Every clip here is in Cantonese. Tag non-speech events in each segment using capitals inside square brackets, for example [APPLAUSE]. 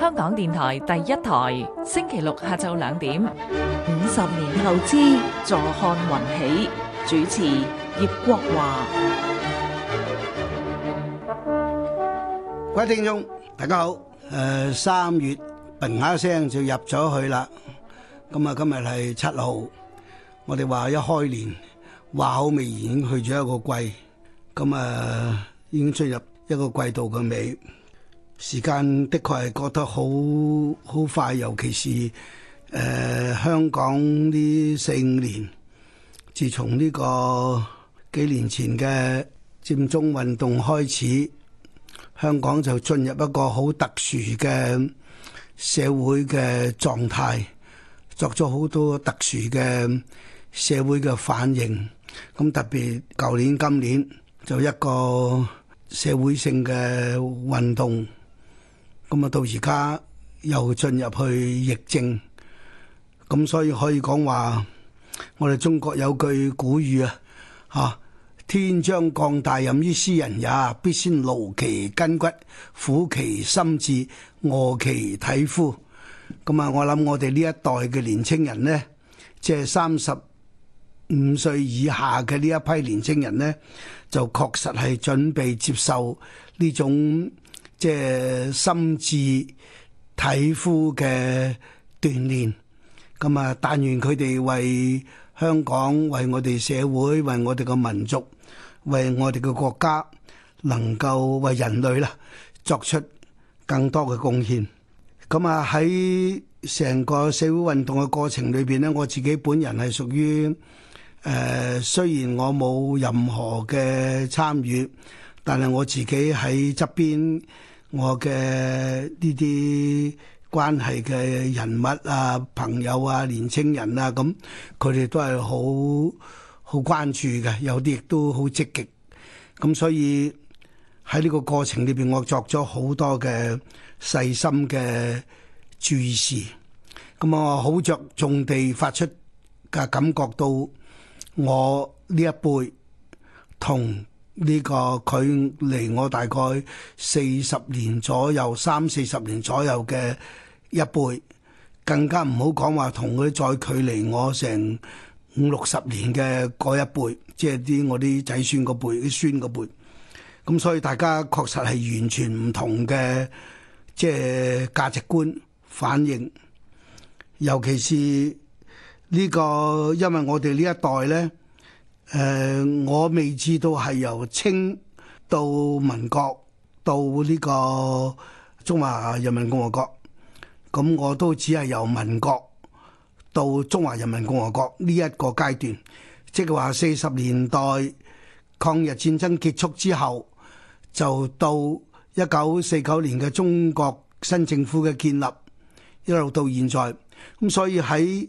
香港電台第一台，星期六下晝兩點。五十年後之，坐看雲起。主持葉國華。各位聽眾，大家好。誒，三月砰一聲就入咗去啦。咁啊，今日係七號。我哋話一開年話好明顯，去咗一個季。咁啊。已經進入一個季度嘅尾，時間的確係覺得好好快，尤其是誒、呃、香港呢四五年，自從呢個幾年前嘅佔中運動開始，香港就進入一個好特殊嘅社會嘅狀態，作咗好多特殊嘅社會嘅反應。咁特別舊年、今年就一個。社會性嘅運動，咁啊到而家又進入去疫症，咁所以可以講話，我哋中國有句古語啊，吓天將降大任於斯人也，必先勞其筋骨，苦其心志，餓其體膚。咁啊，我諗我哋呢一代嘅年青人呢，即係三十。五歲以下嘅呢一批年青人呢，就確實係準備接受呢種即係心智體膚嘅鍛煉。咁、嗯、啊，但願佢哋為香港、為我哋社會、為我哋個民族、為我哋嘅國家，能夠為人類啦作出更多嘅貢獻。咁、嗯、啊，喺成個社會運動嘅過程裏邊呢，我自己本人係屬於。誒，uh, 雖然我冇任何嘅參與，但係我自己喺側邊，我嘅呢啲關係嘅人物啊、朋友啊、年青人啊，咁佢哋都係好好關注嘅，有啲亦都好積極。咁所以喺呢個過程裏邊，我作咗好多嘅細心嘅注視，咁我好着重地發出嘅感覺到。我呢一輩同呢個距離我大概四十年左右，三四十年左右嘅一輩，更加唔好講話同佢再距離我成五六十年嘅嗰一輩，即係啲我啲仔孫嗰輩、啲孫嗰輩。咁所以大家確實係完全唔同嘅，即係價值觀反應，尤其是。呢個因為我哋呢一代呢，誒、呃，我未知道係由清到民國到呢個中華人民共和國，咁、嗯、我都只係由民國到中華人民共和國呢一個階段，即係話四十年代抗日戰爭結束之後，就到一九四九年嘅中國新政府嘅建立，一路到現在咁、嗯，所以喺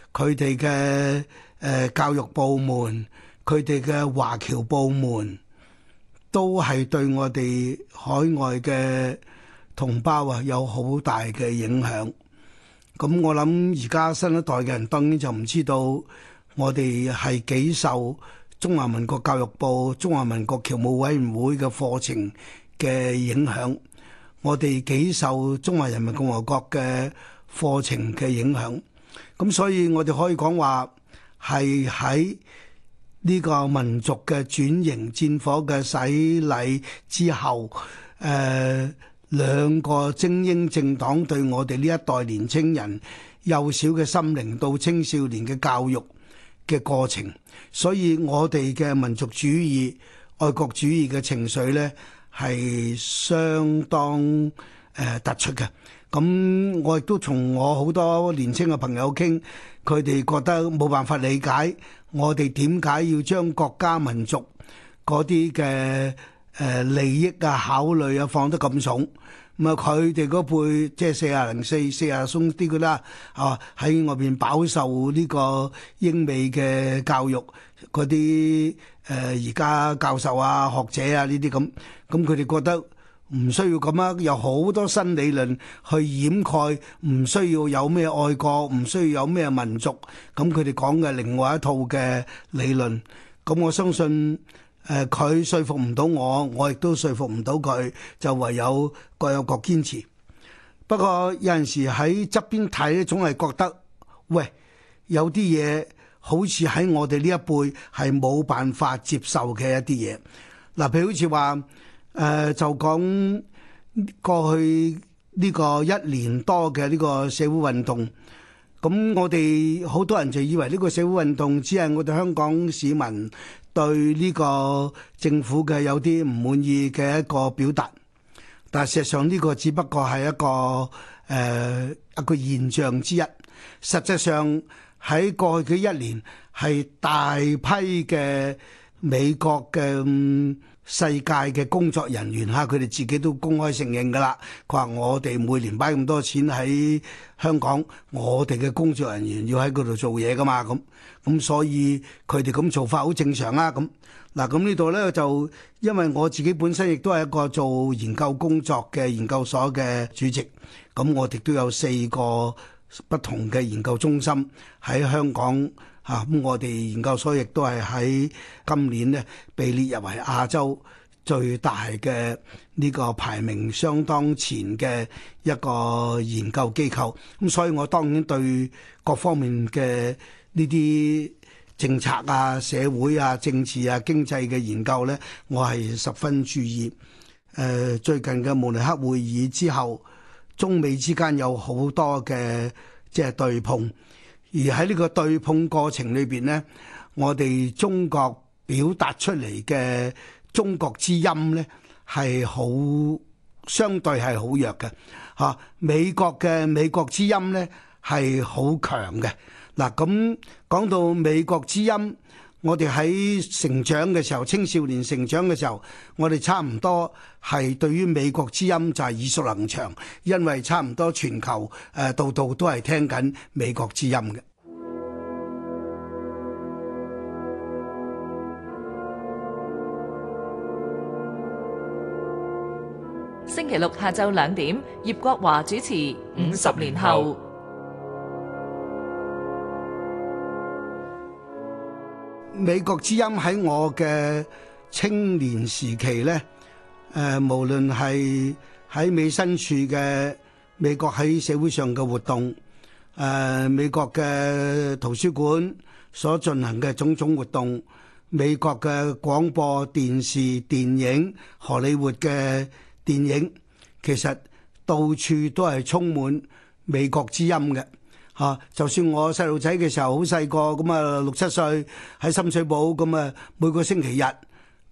佢哋嘅誒教育部門，佢哋嘅華僑部門，都係對我哋海外嘅同胞啊有好大嘅影響。咁我諗而家新一代嘅人當然就唔知道，我哋係幾受中華民國教育部、中華民國僑務委員會嘅課程嘅影響，我哋幾受中華人民共和國嘅課程嘅影響。咁所以，我哋可以講話係喺呢個民族嘅轉型戰火嘅洗禮之後，誒、呃、兩個精英政黨對我哋呢一代年青人幼小嘅心靈到青少年嘅教育嘅過程，所以我哋嘅民族主義、愛國主義嘅情緒呢，係相當誒、呃、突出嘅。咁我亦都同我好多年青嘅朋友傾，佢哋覺得冇辦法理解我哋點解要將國家民族嗰啲嘅誒利益嘅、啊、考慮啊放得咁重。咁、就是、啊，佢哋嗰輩即係四廿零四四廿鬆啲嘅啦，啊喺外邊飽受呢個英美嘅教育嗰啲誒而家教授啊、學者啊呢啲咁，咁佢哋覺得。唔需要咁樣！有好多新理論去掩蓋，唔需要有咩愛國，唔需要有咩民族，咁佢哋講嘅另外一套嘅理論。咁我相信，誒佢説服唔到我，我亦都説服唔到佢，就唯有各有各堅持。不過有陣時喺側邊睇咧，總係覺得，喂，有啲嘢好似喺我哋呢一輩係冇辦法接受嘅一啲嘢。嗱，譬如好似話。誒就講過去呢個一年多嘅呢個社會運動，咁我哋好多人就以為呢個社會運動只係我哋香港市民對呢個政府嘅有啲唔滿意嘅一個表達，但係事實上呢個只不過係一個誒、呃、一個現象之一。實際上喺過去嘅一年係大批嘅美國嘅，嗯世界嘅工作人員吓，佢哋自己都公開承認㗎喇。佢話我哋每年擺咁多錢喺香港，我哋嘅工作人員要喺嗰度做嘢㗎嘛，咁咁所以佢哋咁做法好正常啊。咁嗱，咁呢度呢，就因為我自己本身亦都係一個做研究工作嘅研究所嘅主席，咁我哋都有四個不同嘅研究中心喺香港。啊！咁我哋研究所亦都係喺今年咧被列入為亞洲最大嘅呢個排名相當前嘅一個研究機構。咁所以我當然對各方面嘅呢啲政策啊、社會啊、政治啊、經濟嘅研究咧，我係十分注意。誒，最近嘅慕尼黑會議之後，中美之間有好多嘅即係對碰。而喺呢個對碰過程裏邊咧，我哋中國表達出嚟嘅中國之音咧，係好相對係好弱嘅，嚇、啊、美國嘅美國之音咧係好強嘅。嗱、啊，咁講到美國之音。我哋喺成長嘅時候，青少年成長嘅時候，我哋差唔多係對於美國之音就係耳熟能詳，因為差唔多全球誒度度都係聽緊美國之音嘅。星期六下晝兩點，葉國華主持《五十年後》五十年後。美國之音喺我嘅青年時期咧，誒、呃、無論係喺美新處嘅美國喺社會上嘅活動誒、呃、美國嘅圖書館所進行嘅種種活動，美國嘅廣播電視電影，荷里活嘅電影，其實到處都係充滿美國之音嘅。啊！就算我細路仔嘅時候好細個，咁啊六七歲喺深水埗，咁啊每個星期日，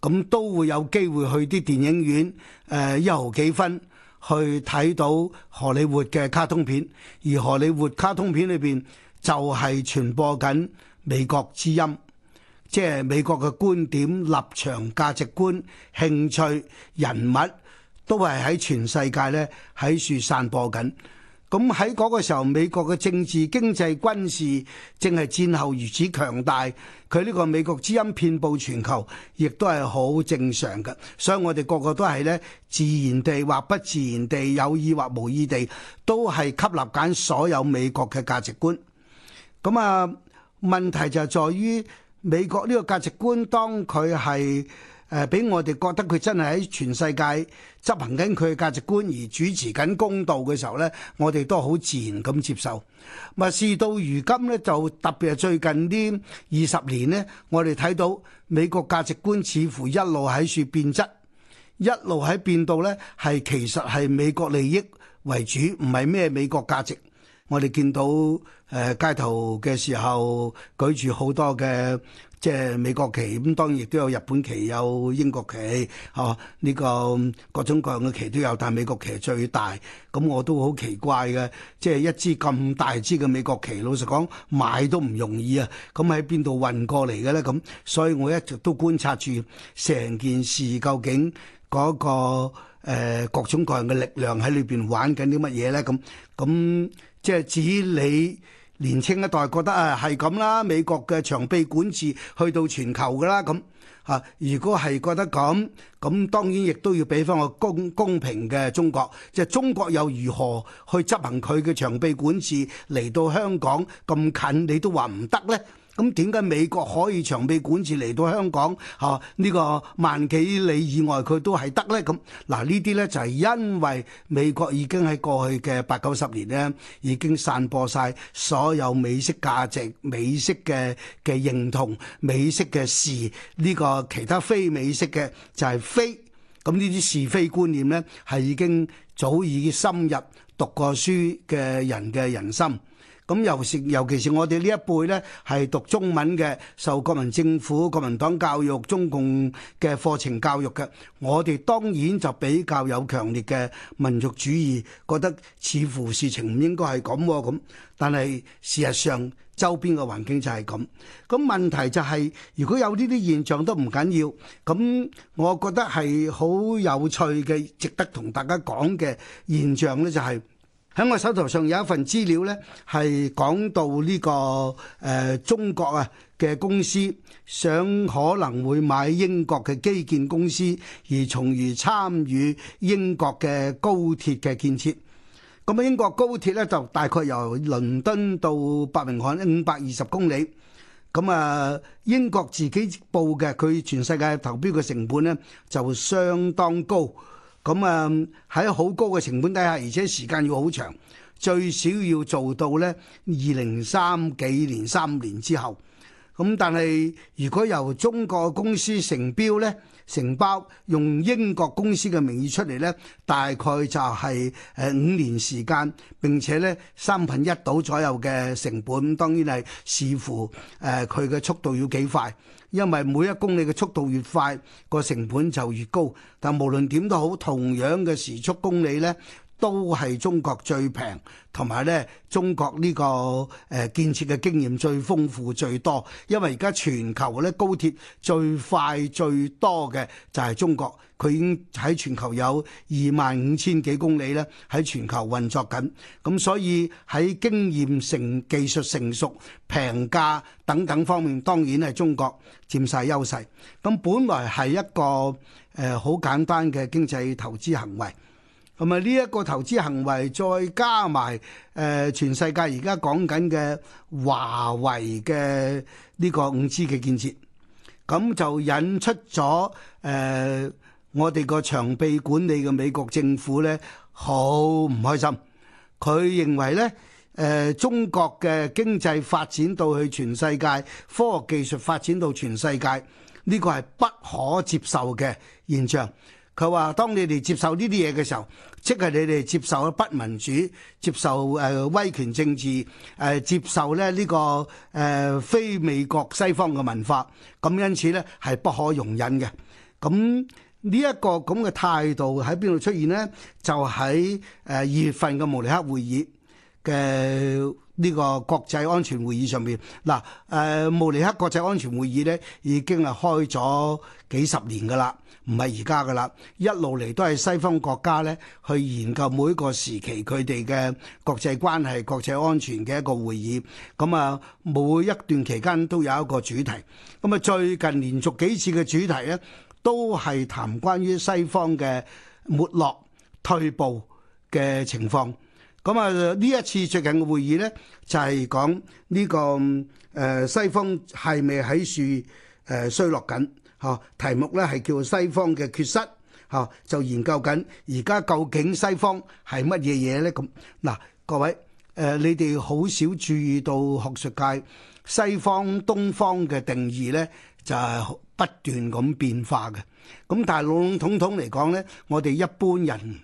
咁都會有機會去啲電影院，誒、呃、一毫幾分去睇到荷里活嘅卡通片，而荷里活卡通片裏邊就係、是、傳播緊美國之音，即係美國嘅觀點、立場、價值觀、興趣、人物，都係喺全世界咧喺處散播緊。咁喺嗰個時候，美國嘅政治、經濟、軍事正係戰後如此強大，佢呢個美國之音遍佈全球，亦都係好正常嘅。所以我哋個個都係呢，自然地或不自然地有意或無意地都係吸納緊所有美國嘅價值觀。咁啊，問題就係在於美國呢個價值觀，當佢係。誒，俾我哋覺得佢真係喺全世界執行緊佢嘅價值觀而主持緊公道嘅時候呢，我哋都好自然咁接受。咪事到如今呢，就特別係最近呢二十年呢，我哋睇到美國價值觀似乎一路喺處變質，一路喺變道。呢係其實係美國利益為主，唔係咩美國價值。我哋見到誒、呃、街頭嘅時候舉住好多嘅。即係美國旗，咁當然亦都有日本旗，有英國旗，嚇、啊、呢、這個各種各樣嘅旗都有，但係美國旗最大，咁我都好奇怪嘅，即係一支咁大支嘅美國旗，老實講買都唔容易啊！咁喺邊度運過嚟嘅咧？咁，所以我一直都觀察住成件事究竟嗰、嗰個、呃、各種各樣嘅力量喺裏邊玩緊啲乜嘢咧？咁咁即係至於你。年青一代覺得啊，係咁啦，美國嘅長臂管治去到全球噶啦，咁嚇、啊。如果係覺得咁，咁當然亦都要俾翻個公公平嘅中國，即係中國又如何去執行佢嘅長臂管治嚟到香港咁近，你都話唔得呢。咁點解美國可以長臂管治嚟到香港？嚇、啊、呢、呢個萬幾里以外佢都係得呢。咁嗱？呢啲呢就係、是、因為美國已經喺過去嘅八九十年呢已經散播晒所有美式價值、美式嘅嘅認同、美式嘅事呢個其他非美式嘅就係非咁呢啲是非觀念呢，係已經早已深入讀過書嘅人嘅人心。咁尤是，尤其是我哋呢一輩呢，係讀中文嘅，受國民政府、國民黨教育、中共嘅課程教育嘅，我哋當然就比較有強烈嘅民族主義，覺得似乎事情唔應該係咁咁。但係事實上，周邊嘅環境就係咁。咁問題就係、是，如果有呢啲現象都唔緊要，咁我覺得係好有趣嘅，值得同大家講嘅現象呢、就是，就係。喺我手頭上有一份資料呢係講到呢、這個誒、呃、中國啊嘅公司想可能會買英國嘅基建公司，而從而參與英國嘅高鐵嘅建設。咁、嗯、啊，英國高鐵呢，就大概由倫敦到伯明翰五百二十公里。咁、嗯、啊，英國自己報嘅佢全世界投標嘅成本呢，就相當高。咁啊喺好高嘅成本底下，而且時間要好長，最少要做到呢二零三幾年三年之後。咁但係如果由中國公司承標呢，承包用英國公司嘅名義出嚟呢，大概就係誒五年時間，並且呢，三分一到左右嘅成本，當然係視乎誒佢嘅速度要幾快。因為每一公里嘅速度越快，個成本就越高。但無論點都好，同樣嘅時速公里咧。都係中國最平，同埋咧，中國呢、這個誒、呃、建設嘅經驗最豐富，最多。因為而家全球咧，高鐵最快最多嘅就係中國，佢已經喺全球有二萬五千幾公里咧，喺全球運作緊。咁所以喺經驗成技術成熟、平價等等方面，當然係中國佔晒優勢。咁本來係一個誒好、呃、簡單嘅經濟投資行為。同埋呢一個投資行為，再加埋誒、呃、全世界而家講緊嘅華為嘅呢個五 G 嘅建設，咁就引出咗誒、呃、我哋個長臂管理嘅美國政府咧，好唔開心。佢認為咧誒、呃、中國嘅經濟發展到去全世界，科學技術發展到全世界，呢個係不可接受嘅現象。佢話：當你哋接受呢啲嘢嘅時候，即係你哋接受不民主、接受誒威權政治、誒接受咧呢個誒非美國西方嘅文化，咁因此咧係不可容忍嘅。咁呢一個咁嘅態度喺邊度出現咧？就喺誒二月份嘅慕尼黑會議。嘅呢、這個國際安全會議上面，嗱，誒、呃、慕尼黑國際安全會議呢已經係開咗幾十年噶啦，唔係而家噶啦，一路嚟都係西方國家呢去研究每一個時期佢哋嘅國際關係、國際安全嘅一個會議，咁啊，每一段期間都有一個主題，咁啊最近連續幾次嘅主題呢，都係談關於西方嘅沒落、退步嘅情況。咁啊！呢一次最近嘅會議咧，就係、是、講呢、這個誒、呃、西方係咪喺樹誒衰落緊？嚇、啊、題目咧係叫做西方嘅缺失，嚇、啊、就研究緊而家究竟西方係乜嘢嘢咧？咁、啊、嗱，各位誒、呃，你哋好少注意到學術界西方東方嘅定義咧，就係不斷咁變化嘅。咁、啊、但係籠籠統統嚟講咧，我哋一般人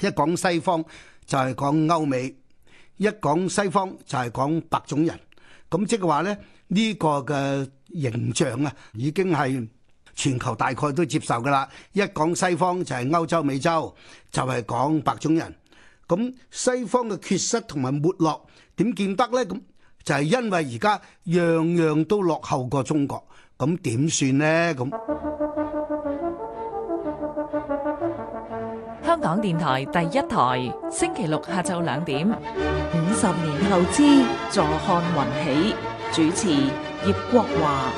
一講西方。就係講歐美，一講西方就係講白種人，咁即係話呢呢個嘅形象啊，已經係全球大概都接受㗎喇。一講西方就係歐洲美洲，就係講白種人。咁西方嘅缺失同埋沒落點見得呢？咁就係因為而家樣樣都落後過中國，咁點算呢？咁。港電台第一台，星期六下晝兩點。五十年後之，坐看雲起。主持葉國華。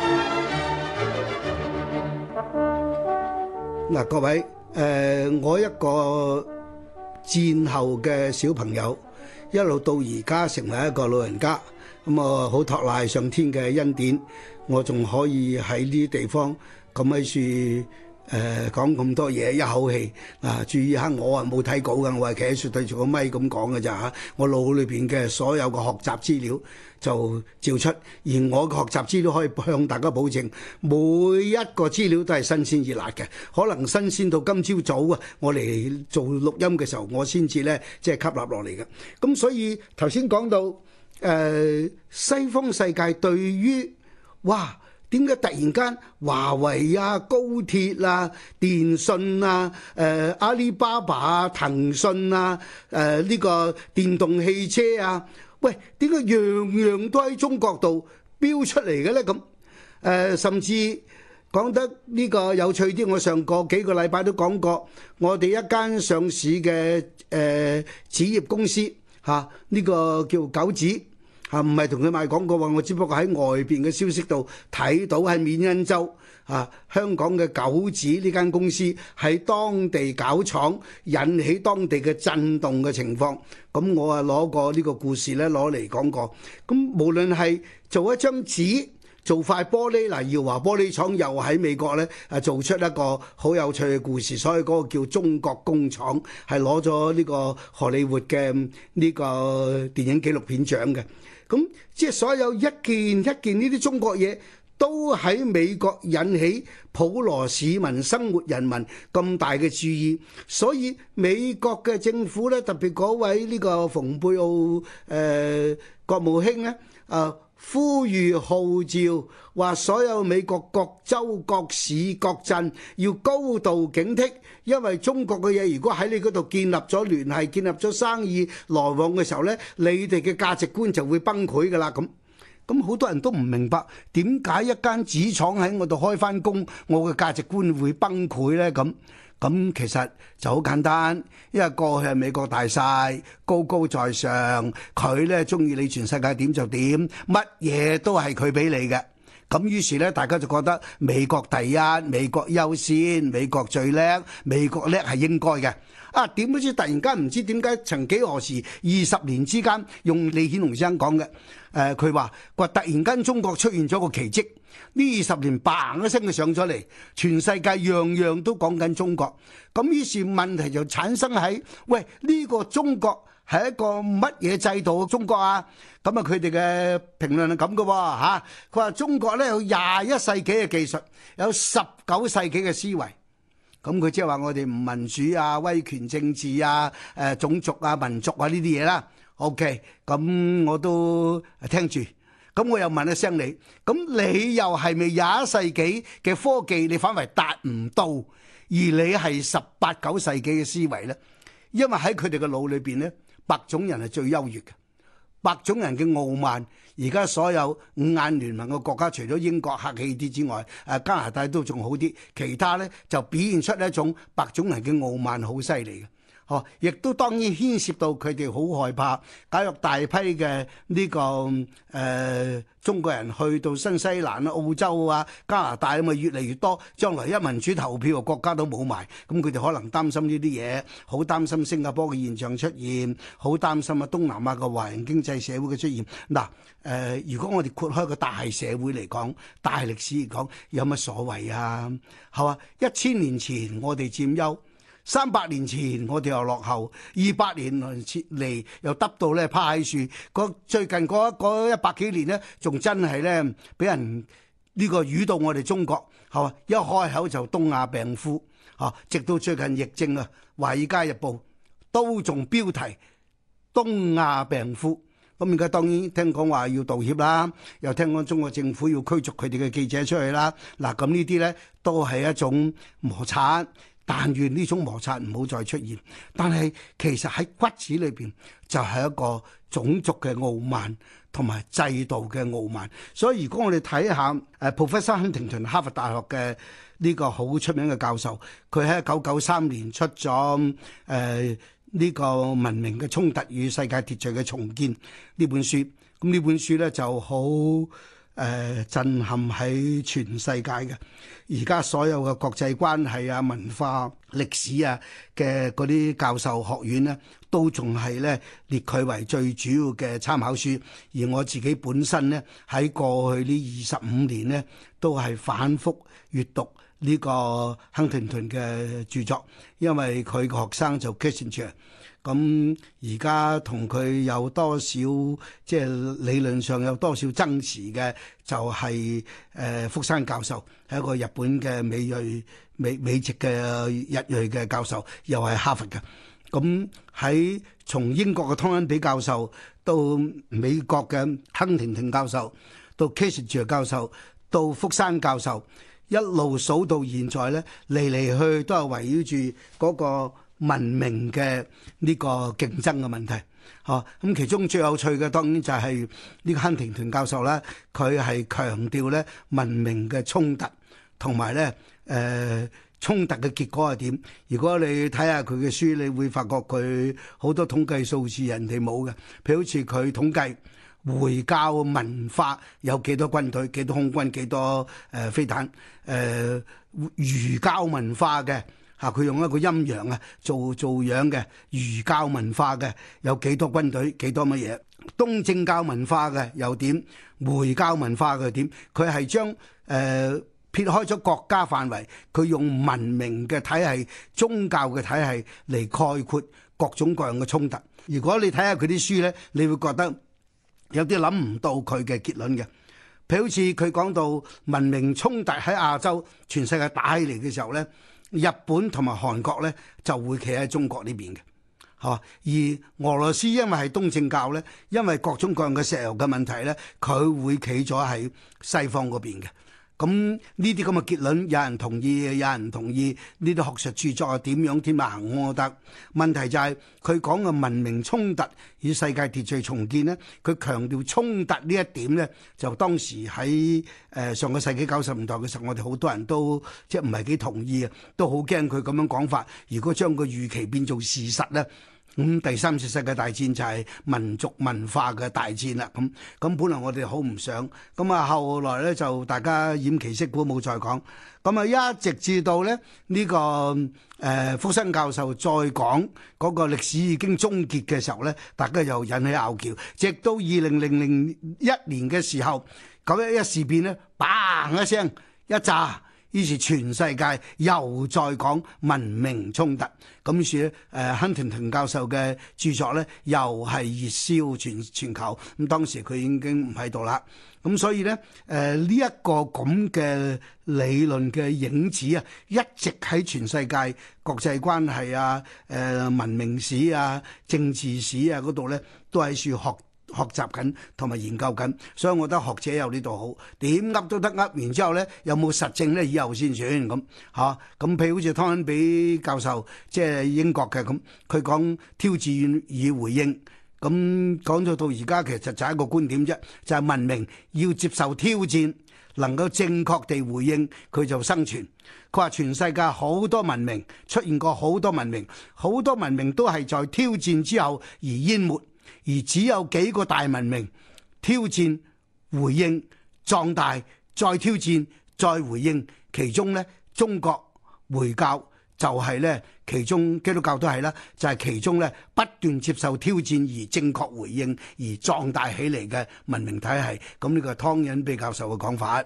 嗱，各位，誒，我一個戰後嘅小朋友，一路到而家成為一個老人家，咁啊，好托賴上天嘅恩典，我仲可以喺呢啲地方咁樣住。誒、呃、講咁多嘢一口氣啊！注意下，我啊冇睇稿嘅，我係企喺雪對住個咪。咁講嘅咋嚇。我腦裏邊嘅所有個學習資料就照出，而我嘅學習資料可以向大家保證，每一個資料都係新鮮熱辣嘅。可能新鮮到今朝早啊，我嚟做錄音嘅時候，我先至咧即係吸納落嚟嘅。咁所以頭先講到誒、呃、西方世界對於哇～點解突然間華為啊、高鐵啊、電信啊、誒、呃、阿里巴巴啊、騰訊啊、誒、呃、呢、這個電動汽車啊，喂，點解樣樣都喺中國度飆出嚟嘅呢？咁誒、呃，甚至講得呢個有趣啲，我上個幾個禮拜都講過，我哋一間上市嘅誒、呃、子業公司嚇，呢、啊這個叫九子。啊，唔係同佢賣廣告喎，我只不過喺外邊嘅消息度睇到喺緬因州啊，香港嘅九紙呢間公司喺當地搞廠，引起當地嘅震動嘅情況。咁我啊攞個呢個故事呢攞嚟講過。咁無論係做一張紙。做塊玻璃嚟，耀華玻璃廠又喺美國咧，誒做出一個好有趣嘅故事，所以嗰個叫中國工廠係攞咗呢個荷里活嘅呢個電影紀錄片獎嘅。咁即係所有一件一件呢啲中國嘢都喺美國引起普羅市民生活人民咁大嘅注意，所以美國嘅政府咧，特別嗰位呢個蓬佩奧誒國務卿咧，誒。呼籲號召，話所有美國各州、各市、各鎮要高度警惕，因為中國嘅嘢，如果喺你嗰度建立咗聯繫、建立咗生意來往嘅時候，呢你哋嘅價值觀就會崩潰㗎喇咁。咁好多人都唔明白點解一間紙廠喺我度開返工，我嘅價值觀會崩潰呢？咁。咁其實就好簡單，因為過去美國大晒，高高在上，佢呢，中意你全世界點就點，乜嘢都係佢俾你嘅。咁於是呢，大家就覺得美國第一，美國優先，美國最叻，美國叻係應該嘅。啊，點不知突然間唔知點解，曾幾何時二十年之間，用李顯龍先生講嘅，誒、啊，佢話佢突然間中國出現咗個奇蹟。呢二十年，嘭一聲就上咗嚟，全世界樣樣都講緊中國。咁於是問題就產生喺，喂，呢個中國係一個乜嘢制度嘅中國啊？咁啊，佢哋嘅評論係咁嘅吓。佢話中國呢，有廿一世紀嘅技術，有十九世紀嘅思維。咁佢即係話我哋唔民主啊，威權政治啊，誒種族啊，民族啊呢啲嘢啦。OK，咁我都聽住。咁我又問一聲你，咁你又係咪廿一世紀嘅科技你反為達唔到，而你係十八九世紀嘅思維呢？因為喺佢哋嘅腦裏邊呢，白種人係最優越嘅，白種人嘅傲慢，而家所有五眼聯盟嘅國家，除咗英國客氣啲之外，誒加拿大都仲好啲，其他呢，就表現出一種白種人嘅傲慢，好犀利嘅。哦、亦都當然牽涉到佢哋好害怕。假如大批嘅呢、這個誒、呃、中國人去到新西蘭、澳洲啊、加拿大咁啊，越嚟越多，將來一民主投票國家都冇埋，咁佢哋可能擔心呢啲嘢，好擔心新加坡嘅現象出現，好擔心啊東南亞嘅華人經濟社會嘅出現。嗱、呃、誒、呃，如果我哋擴開個大社會嚟講，大歷史嚟講，有乜所謂啊？係嘛，一千年前我哋佔優。三百年前我哋又落後，二百年嚟又得到咧趴喺樹。最近嗰一百幾年呢，仲真係咧俾人呢個侮到我哋中國，係嘛，一開口就東亞病夫，吓，直到最近疫症啊，《華爾街日報》都仲標題東亞病夫。咁而家當然聽講話要道歉啦，又聽講中國政府要驅逐佢哋嘅記者出去啦。嗱，咁呢啲咧都係一種摩擦。但願呢種摩擦唔好再出現，但係其實喺骨子裏邊就係一個種族嘅傲慢同埋制度嘅傲慢。所以如果我哋睇下誒 Professor 亨廷頓，哈佛大學嘅呢個好出名嘅教授，佢喺一九九三年出咗誒呢個《文明嘅衝突與世界秩序嘅重建》呢本書，咁呢本書咧就好。誒、呃、震撼喺全世界嘅，而家所有嘅國際關係啊、文化、歷史啊嘅嗰啲教授學院咧，都仲係咧列佢為最主要嘅參考書。而我自己本身咧喺過去呢二十五年咧，都係反覆閱讀呢個亨廷頓嘅著作，因為佢個學生就 Kissinger。咁而家同佢有多少即係、就是，理論上有多少爭持嘅，就係誒福山教授係一個日本嘅美裔美美籍嘅日裔嘅教授，又係哈佛嘅。咁、嗯、喺從英國嘅湯恩比教授到美國嘅亨廷頓教授，到基辛格教授，到福山教授一路數到現在咧，嚟嚟去都係圍繞住嗰、那個。文明嘅呢個競爭嘅問題，哦、啊，咁其中最有趣嘅當然就係呢個亨廷頓教授啦，佢係強調咧文明嘅衝突，同埋咧誒衝突嘅結果係點？如果你睇下佢嘅書，你會發覺佢好多統計數字人哋冇嘅，譬如好似佢統計回教文化有幾多軍隊、幾多空軍、幾多誒飛彈、誒儒教文化嘅。啊！佢用一個陰陽啊，做做樣嘅儒教文化嘅有幾多軍隊，幾多乜嘢？東正教文化嘅又點？回教文化嘅又點？佢係將誒、呃、撇開咗國家範圍，佢用文明嘅體系、宗教嘅體系嚟概括各種各樣嘅衝突。如果你睇下佢啲書呢，你會覺得有啲諗唔到佢嘅結論嘅。譬如好似佢講到文明衝突喺亞洲、全世界打起嚟嘅時候呢。日本同埋韓國咧就會企喺中國呢邊嘅，嚇。而俄羅斯因為係東正教咧，因為各種各樣嘅石油嘅問題咧，佢會企咗喺西方嗰邊嘅。咁呢啲咁嘅結論，有人同意，有人唔同意。呢啲學術著作又點樣添啊？我覺得問題就係佢講嘅文明衝突與世界秩序重建呢，佢強調衝突呢一點呢，就當時喺誒、呃、上個世紀九十年代嘅時候，我哋好多人都即係唔係幾同意啊，都好驚佢咁樣講法。如果將個預期變做事實呢。咁、嗯、第三次世界大戰就係民族文化嘅大戰啦，咁、嗯、咁、嗯、本來我哋好唔想，咁、嗯、啊後來咧就大家掩旗息鼓，鼓冇再講，咁啊一直至到咧呢、這個誒、呃、福山教授再講嗰個歷史已經終結嘅時候咧，大家又引起拗撬，直到二零零一年嘅時候，咁一事變咧嘭一聲一炸。於是全世界又再講文明衝突，咁於是誒亨廷頓教授嘅著作咧又係熱銷全全球。咁、嗯、當時佢已經唔喺度啦，咁、嗯、所以咧，誒呢一個咁嘅理論嘅影子啊，一直喺全世界國際關係啊、誒、呃、文明史啊、政治史啊嗰度咧，都喺處學學習緊同埋研究緊，所以我覺得學者有呢度好，點噏都得噏，然之後呢，有冇實證呢？以後先算咁吓，咁譬如好似湯恩比教授，即係英國嘅咁，佢講挑戰與回應，咁講咗到而家其實就係一個觀點啫，就係文明要接受挑戰，能夠正確地回應，佢就生存。佢話全世界好多文明，出現過好多文明，好多文明都係在挑戰之後而淹沒。而只有幾個大文明挑戰回應壯大，再挑戰再回應，其中呢，中國回教就係呢，其中基督教都係啦，就係、是、其中呢不斷接受挑戰而正確回應而壯大起嚟嘅文明體系，咁呢個湯因比教授嘅講法。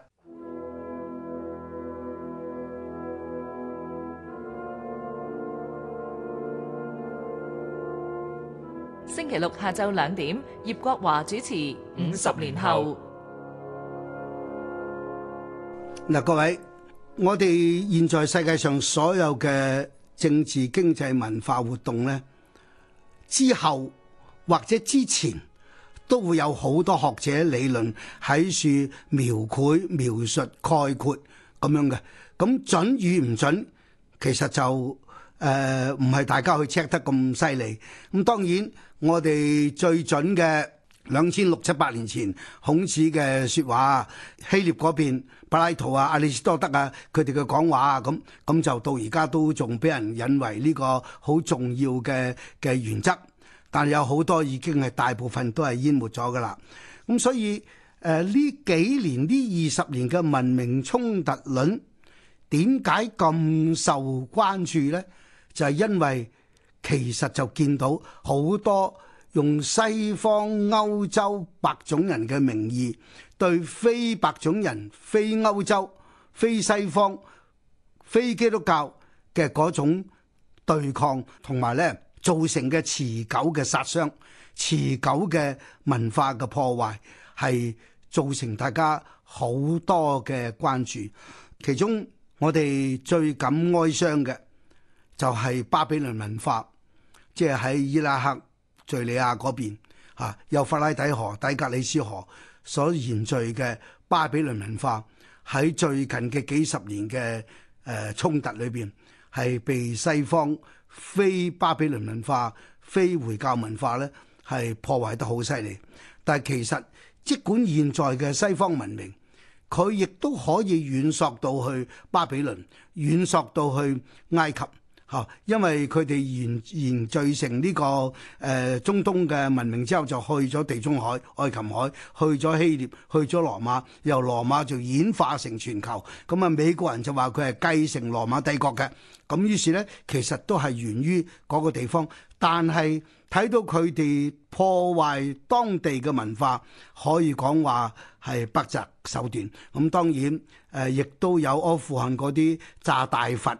星期六下晝兩點，葉國華主持《五十年後》。嗱，各位，我哋現在世界上所有嘅政治、經濟、文化活動呢，之後或者之前都會有好多學者理論喺處描繪、描述、概括咁樣嘅。咁準與唔準，其實就誒唔係大家去 check 得咁犀利。咁當然。我哋最準嘅兩千六七百年前孔子嘅説話啊，希臘嗰邊，柏拉圖啊、阿里士多德啊，佢哋嘅講話啊，咁咁就到而家都仲俾人引為呢個好重要嘅嘅原則，但係有好多已經係大部分都係淹沒咗噶啦。咁所以誒呢、呃、幾年呢二十年嘅文明衝突論，點解咁受關注咧？就係、是、因為。其實就見到好多用西方歐洲白種人嘅名義對非白種人、非歐洲、非西方、非基督教嘅嗰種對抗，同埋呢造成嘅持久嘅殺傷、持久嘅文化嘅破壞，係造成大家好多嘅關注。其中我哋最感哀傷嘅就係巴比倫文化。即係喺伊拉克、敍利亞嗰邊，由、吓、法拉底河、底格里斯河所延續嘅巴比倫文化，喺最近嘅幾十年嘅誒衝突裏邊，係被西方非巴比倫文化、非回教文化咧，係破壞得好犀利。但係其實，即管現在嘅西方文明，佢亦都可以遠溯到去巴比倫，遠溯到去埃及。嚇，因為佢哋研研製成呢、這個誒、呃、中東嘅文明之後，就去咗地中海、愛琴海，去咗希臘，去咗羅馬，由羅馬就演化成全球。咁、嗯、啊，美國人就話佢係繼承羅馬帝國嘅。咁、嗯、於是呢，其實都係源於嗰個地方，但係睇到佢哋破壞當地嘅文化，可以講話係北襲手段。咁、嗯、當然誒，亦、呃、都有阿富汗嗰啲炸大佛。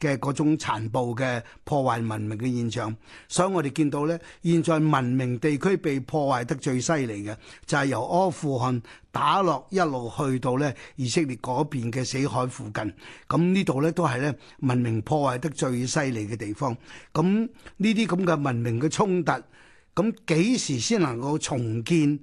嘅嗰種殘暴嘅破壞文明嘅現象，所以我哋見到呢，現在文明地區被破壞得最犀利嘅，就係、是、由阿富汗打落一路去到呢以色列嗰邊嘅死海附近，咁呢度呢，都係呢文明破壞得最犀利嘅地方。咁呢啲咁嘅文明嘅衝突，咁、嗯、幾時先能夠重建？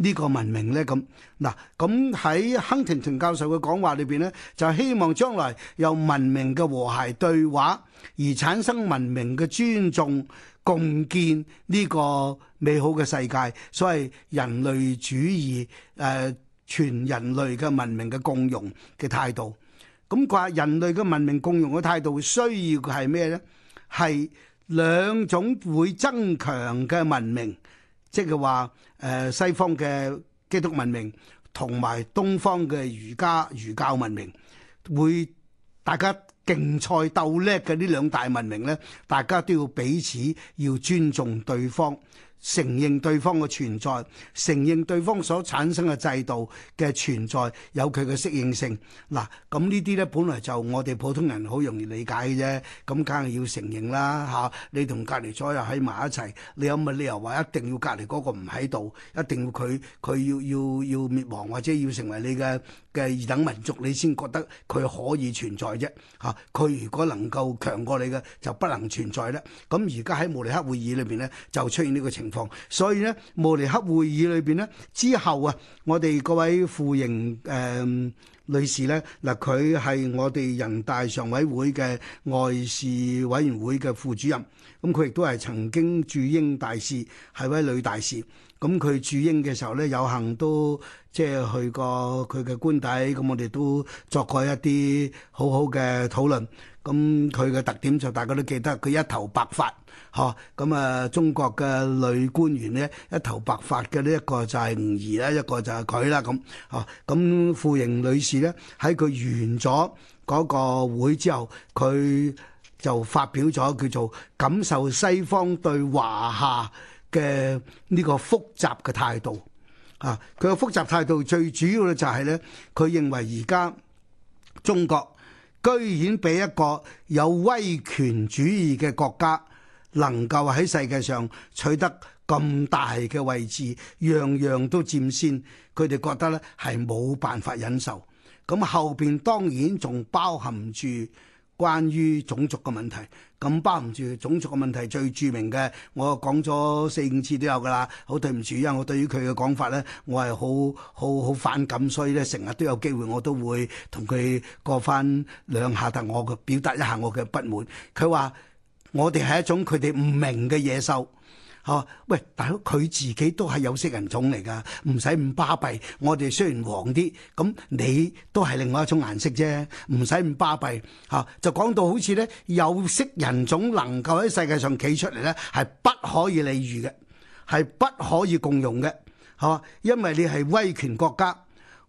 呢個文明咧，咁嗱，咁喺亨廷頓教授嘅講話裏邊咧，就希望將來有文明嘅和諧對話，而產生文明嘅尊重、共建呢個美好嘅世界，所謂人類主義誒全人類嘅文明嘅共融嘅態度。咁話人類嘅文明共融嘅態度需要嘅係咩咧？係兩種會增強嘅文明。即係話，誒西方嘅基督文明同埋東方嘅儒家儒教文明，會大家競賽鬥叻嘅呢兩大文明咧，大家都要彼此要尊重對方。承認對方嘅存在，承認對方所產生嘅制度嘅存在有佢嘅適應性。嗱，咁呢啲咧本嚟就我哋普通人好容易理解嘅啫。咁梗係要承認啦，吓、啊、你同隔籬左右喺埋一齊，你有冇理由話一定要隔籬嗰個唔喺度，一定要佢佢要要要滅亡或者要成為你嘅嘅二等民族，你先覺得佢可以存在啫？吓、啊，佢如果能夠強過你嘅，就不能存在咧。咁而家喺慕尼黑會議裏邊咧，就出現呢個情況。所以咧，慕尼黑會議裏邊咧之後啊，我哋嗰位傅瑩誒女士咧嗱，佢係我哋人大常委會嘅外事委員會嘅副主任，咁佢亦都係曾經駐英大使，係位女大使。咁佢駐英嘅時候咧，有幸都即係去過佢嘅官邸，咁我哋都作過一啲好好嘅討論。咁佢嘅特點就大家都記得，佢一頭白髮，嗬！咁啊，中國嘅女官員咧一頭白髮嘅呢一個就係吳儀啦，一個就係佢啦，咁，嗬！咁傅瑩女士咧喺佢完咗嗰個會之後，佢就發表咗叫做感受西方對華夏嘅呢個複雜嘅態度。啊，佢嘅複雜態度最主要咧就係咧，佢認為而家中國，居然俾一個有威權主義嘅國家能夠喺世界上取得咁大嘅位置，樣樣都佔先，佢哋覺得呢係冇辦法忍受。咁後邊當然仲包含住。關於種族嘅問題，咁包唔住種族嘅問題最著名嘅，我講咗四五次都有㗎啦。好對唔住，因為我對於佢嘅講法呢，我係好好好反感，所以呢，成日都有機會我都會同佢過返兩下，但我嘅表達一下我嘅不滿。佢話我哋係一種佢哋唔明嘅野獸。哦，喂，大佬，佢自己都係有色人種嚟㗎，唔使咁巴閉。我哋雖然黃啲，咁你都係另外一種顏色啫，唔使咁巴閉。嚇、啊，就講到好似呢，有色人種能夠喺世界上企出嚟呢，係不可以理喻嘅，係不可以共融嘅，嚇、啊，因為你係威權國家。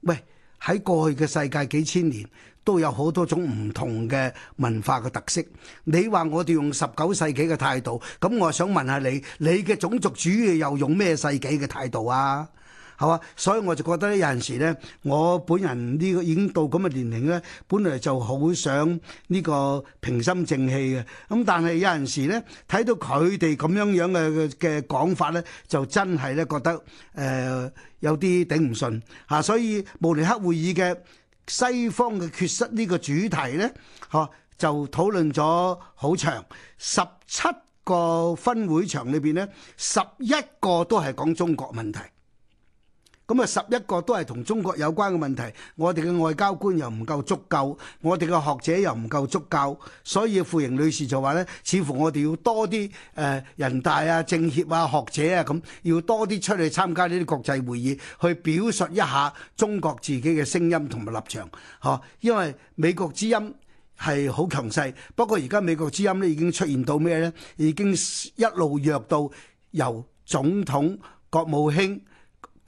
喂，喺過去嘅世界幾千年，都有好多種唔同嘅文化嘅特色。你話我哋用十九世紀嘅態度，咁我想問下你，你嘅種族主義又用咩世紀嘅態度啊？係嘛？所以我就覺得有陣時咧，我本人呢個已經到咁嘅年齡咧，本來就好想呢個平心靜氣嘅。咁但係有陣時咧，睇到佢哋咁樣樣嘅嘅講法咧，就真係咧覺得誒、呃、有啲頂唔順嚇。所以慕尼黑會議嘅。西方嘅缺失呢個主題咧，吓就討論咗好長，十七個分會場裏邊咧，十一個都係講中國問題。咁啊，十一、嗯、個都係同中國有關嘅問題，我哋嘅外交官又唔夠足夠，我哋嘅學者又唔夠足夠，所以傅瑩女士就話呢，似乎我哋要多啲誒、呃、人大啊、政協啊、學者啊咁，要多啲出嚟參加呢啲國際會議，去表述一下中國自己嘅聲音同埋立場，嚇、啊，因為美國之音係好強勢，不過而家美國之音咧已經出現到咩呢？已經一路弱到由總統國務卿。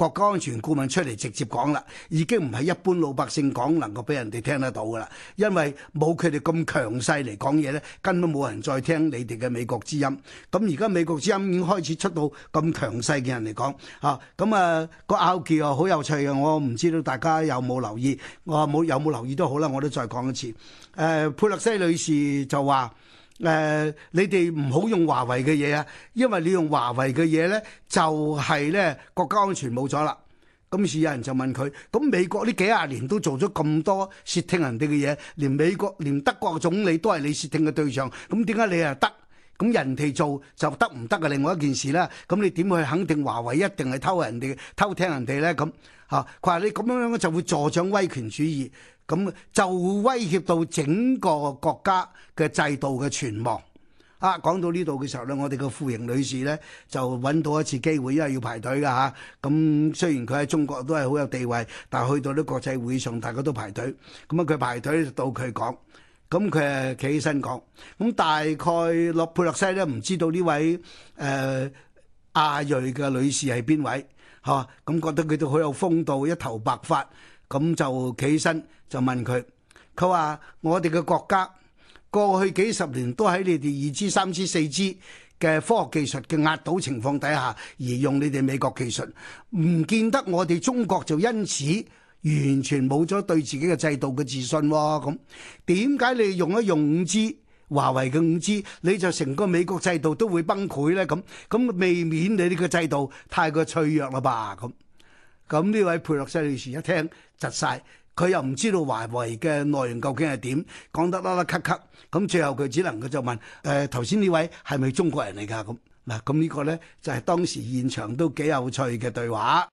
國家安全顧問出嚟直接講啦，已經唔係一般老百姓講能夠俾人哋聽得到噶啦，因為冇佢哋咁強勢嚟講嘢呢，根本冇人再聽你哋嘅美國之音。咁而家美國之音已經開始出到咁強勢嘅人嚟講，嚇咁啊，啊、個拗撬啊好有趣嘅，我唔知道大家有冇留意，我冇有冇留意都好啦，我都再講一次。誒、呃，佩洛西女士就話。誒，你哋唔好用華為嘅嘢啊！因為你用華為嘅嘢呢，就係呢國家安全冇咗啦。今次有人就問佢：咁美國呢幾廿年都做咗咁多竊聽人哋嘅嘢，連美國、連德國嘅總理都係你竊聽嘅對象，咁點解你又得？咁人哋做就得唔得嘅？另外一件事呢，咁你點去肯定華為一定係偷人哋、偷聽人哋呢？咁吓佢話你咁樣樣就會助長威權主義。咁就威脅到整個國家嘅制度嘅存亡啊！講到呢度嘅時候咧，我哋個傅瑩女士咧就揾到一次機會，因為要排隊㗎嚇。咁、啊、雖然佢喺中國都係好有地位，但係去到啲國際會議上，大家都排隊。咁啊，佢排隊到佢講，咁佢啊企起身講，咁、啊、大概洛佩洛西咧唔知道呢位誒亞、呃、裔嘅女士係邊位嚇？咁、啊啊嗯、覺得佢都好有風度，一頭白髮。咁就企起身就問佢，佢話我哋嘅國家過去幾十年都喺你哋二 G、三 G、四 G 嘅科學技術嘅壓倒情況底下而用你哋美國技術，唔見得我哋中國就因此完全冇咗對自己嘅制度嘅自信喎。咁點解你用一用五 G 華為嘅五 G，你就成個美國制度都會崩潰呢？咁、嗯、咁、嗯、未免你呢個制度太過脆弱啦吧？咁咁呢位佩洛西女士一聽。窒晒，佢 [MUSIC] 又唔知道華為嘅內容究竟係點，講得拉拉咳咳，咁最後佢只能佢就問誒頭先呢位係咪中國人嚟噶，咁嗱，咁呢個咧就係、是、當時現場都幾有趣嘅對話。